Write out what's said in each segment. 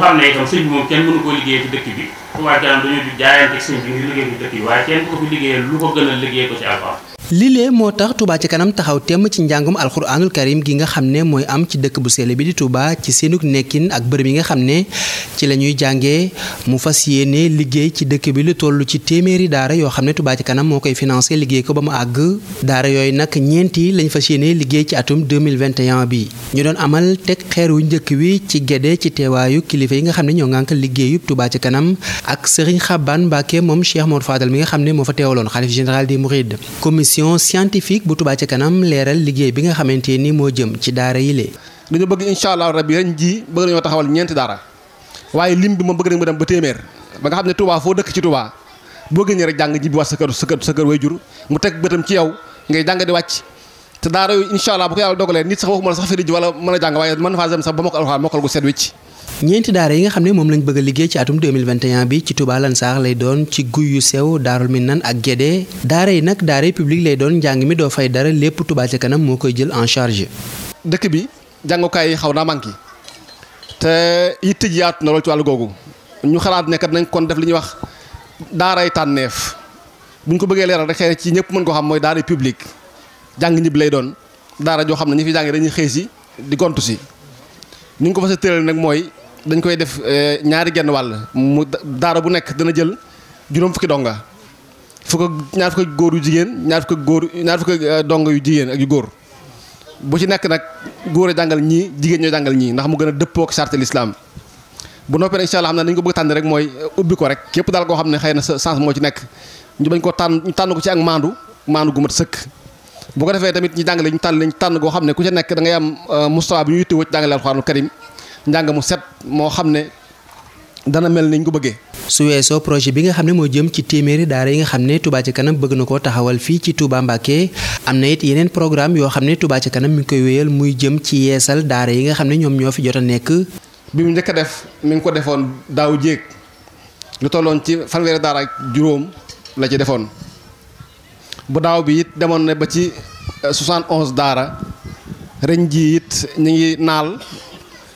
xam ne itam sëñ bi moom kenn mënu koo liggéeyee ci dëkk bi Touba Ca Kanam dañoo di jaayante ak sëñ bi ngir liggéey ci dëkk bi waaye kenn ku ko fi liggéeyee lu ko gën a liggéey ko ci alxuraan lile moo tax tubaa ci kanam taxaw temm ci njàngum alxuraanul karim gi nga xam ne mooy am ci dëkk bu sell bi di tubaa ci seenug nekkin ak bërëb yi nga xam ne ci la ñuy jàngee mu fas yéene liggéey ci dëkk bi lu toll ci téeméeri daara yoo xam ne Touba ci kanam moo koy financé liggéey ko ba mu àgg daara yooyu nag ñeenti lañ fas yéene liggéey ci atum 2021 bi ñu doon amal teg xeer wu njëkk wi ci gédé ci teewaayu kilifa yi nga xam ne ñoo ngànk liggéeyub Touba ci kanam ak Serigne Xaban Mbacke moom Cheikh Mor Fadal mi nga xam ne moo fa teewaloon xalif général des Mourides commission commission scientifique bu Touba ca kanam leeral liggéey bi nga xamante ni moo jëm ci daara yi lee dañu bëgg incha allah rabi ren jii bëgg nañoo taxawal ñeenti daara waaye lim bi moom bëgg nañ mu ba téeméer ba nga xam ne Touba foo dëkk ci Touba boo génnee rek jàng ji bi wax sa kër sa kër sa kër way jur mu teg bëtam ci yow ngay jàng di wàcc te daara yooyu incha bu ko yàlla dogalee nit sax waxuma la sax fi di wala mën a jàng waaye mën faa dem ñeenti daara yi nga xam ne moom lañ bëgg a liggéey ci atum bi ci Touba Lansar lay doon ci guy sew daarul Minaan ak Guédé daara yi nag daara yi public lay doon njàng mi doo fay dara lépp Touba ca kanam moo koy jël en charge. dëkk bi jàngukaay yi xaw naa manqué te yitte ji yaatu na ci wàllu googu ñu xalaat ne nañ kon def li ñuy wax daaray tànneef bu ñu ko bëggee leeral rek ci ñëpp mën ko xam mooy daaray public jàng ñib lay doon daara joo xam ne ñi fi dañuy xëy si di gontu nag mooy dañ koy def euh, ñaari genn wàll mu daara bu nekk dana jël juróom fukki donga fukk ak ñaar fukk góor yu jigéen ñaar fukk góor ñaar fukk euh, donga yu jigéen ak yu góor bu ci nekk nag góor a jàngal ñii jigéen ñoo jàngal ñii ndax mu gën a dëppook ak charte bu noppee incha allah xam ne nañu ko bëgg tànn rek mooy euh, ubbi ko rek képp daal koo xam ne xëy na sa sens moo ci nekk ñu bañ ko tànn ñu tànn ko ci ak maandu maandu gu mat sëkk bu ko defee tamit ñu jàngale ñu tànn lañ tànn goo xam ne ku ca nekk da ngay am mustawa bi ñu yittewoo ci njàng mu set moo xam ne dana mel niñ ko bëggee. su weesoo projet bi nga xam ne moo jëm ci téeméeri daara yi nga xam ne Touba ci kanam bëgg na koo taxawal fii ci Touba Mbacké am na it yeneen programme yoo xam ne Touba ci kanam mi ngi koy wéyal muy jëm ci yeesal daara yi nga xam ne ñoom ñoo fi jot a nekk. bi mu njëkk a def mi ngi ko defoon daaw jéeg lu tolloon ci fanweeri daara ak juróom la ci defoon bu daaw bi it demoon na ba ci 71 daara ren jii it ñu naal.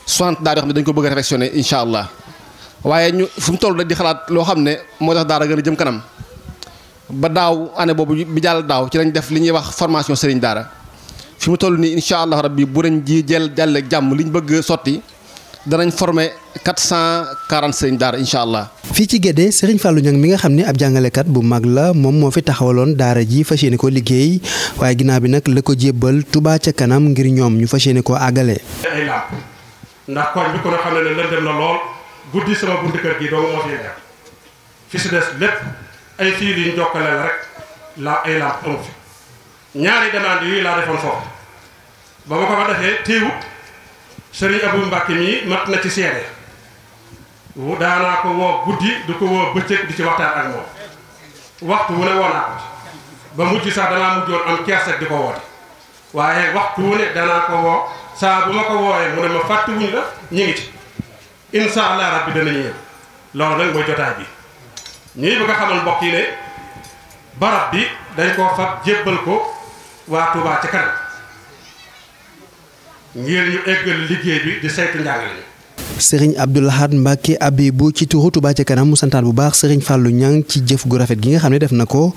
soixante daara yoo xam ne dañu ko bëgg a réfectionné incha allah waaye ñu fu mu toll rek di xalaat loo xam ne moo tax daara gën a jëm kanam ba daaw année boobu bi jàll daaw ci lañ def li ñuy wax formation sëriñ daara fi mu toll nii incha allah rabbi bu ren ji jël jàll ak jàmm li ñu bëgg sotti danañ formé 440 sëriñ daara incha allah. fii ci Guédé Serigne Fallou Niang mi nga xam ne ab jàngalekat bu mag la moom moo fi taxawaloon daara ji fas yéene ko liggéey waaye ginnaaw bi nag la ko jébbal Touba ca kanam ngir ñoom ñu fas yéene koo ndax koñ bi ko na xam ne ne lëndëm na lool guddi sama buntu kër gi doomu moo fi nekk fi si des lépp ay fii liñ jokkale la rek la ay làmp amu fi ñaari demande yooyu laa defoon foofu ba ma ko fa defee téewut sëriñ Abou Mbacke mii mat na ci seede daanaa ko woo guddi du ko woo bëccëg di ci waxtaan ak moom waxtu wu ne woo naa ko ba mujj sax danaa mujjoon am kersak di ko woote waaye waxtu wu ne danaa ko woo saa bu ma ko woowee mu ne ma fàttewuñ la ñu ngi ci incha allah rabbi danañu ñëw loolu nag mooy jotaay bi ñuy bëgg a xamal mbokk yi ne barab bi dañ koo fab jébbal ko waa Touba ca kanam ngir ñu eggal liggéey bi di saytu njàngale sëriñ Abdoul Ahad Mbacke Abibou ci turu Touba kanam mu santaan bu baax sëriñ Fallou Niang ci jëf gu rafet gi nga xam ne def na ko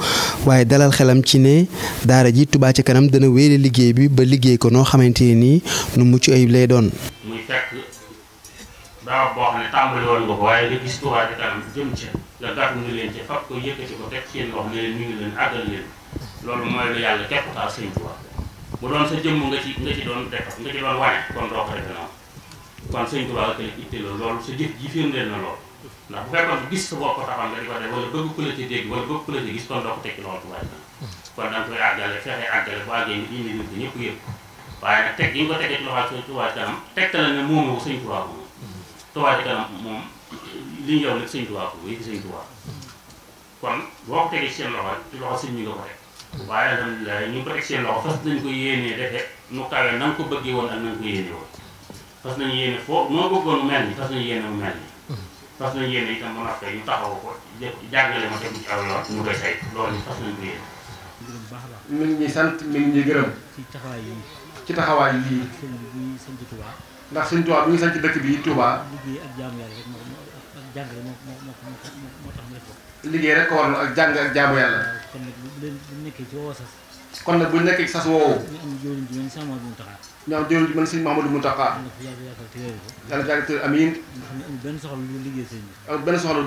waaye dalal xelam ci ne daara ji Touba ca kanam dana wéyale liggéey bi ba liggéey ko noo xamante ni nu mucc ay lay doon. muy fekk ko waaye nga ko yëkkati ko teg seen ne leen leen àggal leen loolu mooy lu yàlla képp taal sëriñ Touba bu doon sa jëmm nga ci doon def kon doo ko defee kon sëñ Tuubaa ko la itte la loolu sa jëf ji firndeel na loolu ndax bu fekkoon gis sa bopp taxoon nga di ko def waaye nag teg li ñu yow nag sëñ Tuubaa ko yëpp sëñ ko teg seen loxo fas nañ ko yéenee defee nu kawe na ko bëggee woon ak na ko yéenee woon fas nañu yéene foo noo bëggoon mu mel ni fas nañu yéene mu mel ni fas nañu yéene itam bu noppee ñu taxaw ko jàngale ma tegu ci aw yoon ñu koy say loolu fas nañu ko yéene mi ngi ñuy sant mi ngi ñuy gërëm ci taxawaay yi ci taxawaay yii ndax sëñ Tuubaa bu ñu sanc dëkk bi Tuubaa liggéey rek ko warlu ak jàng ak jaamu yàlla kon nag bu kon nag bu nekkee sas woowu. ñu am jëwriñ ji man sëñ Mamadou Mountakha. yàlla na ko amiin. benn soxla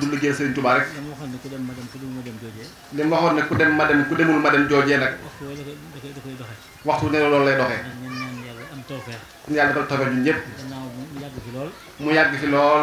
du liggéey sëñ bi. amul benn du liggéey sëñ Touba rek. li ne ku dem ma dem ku demul ma dem joojee. li ma waxoon ne mu yàgg fi lool.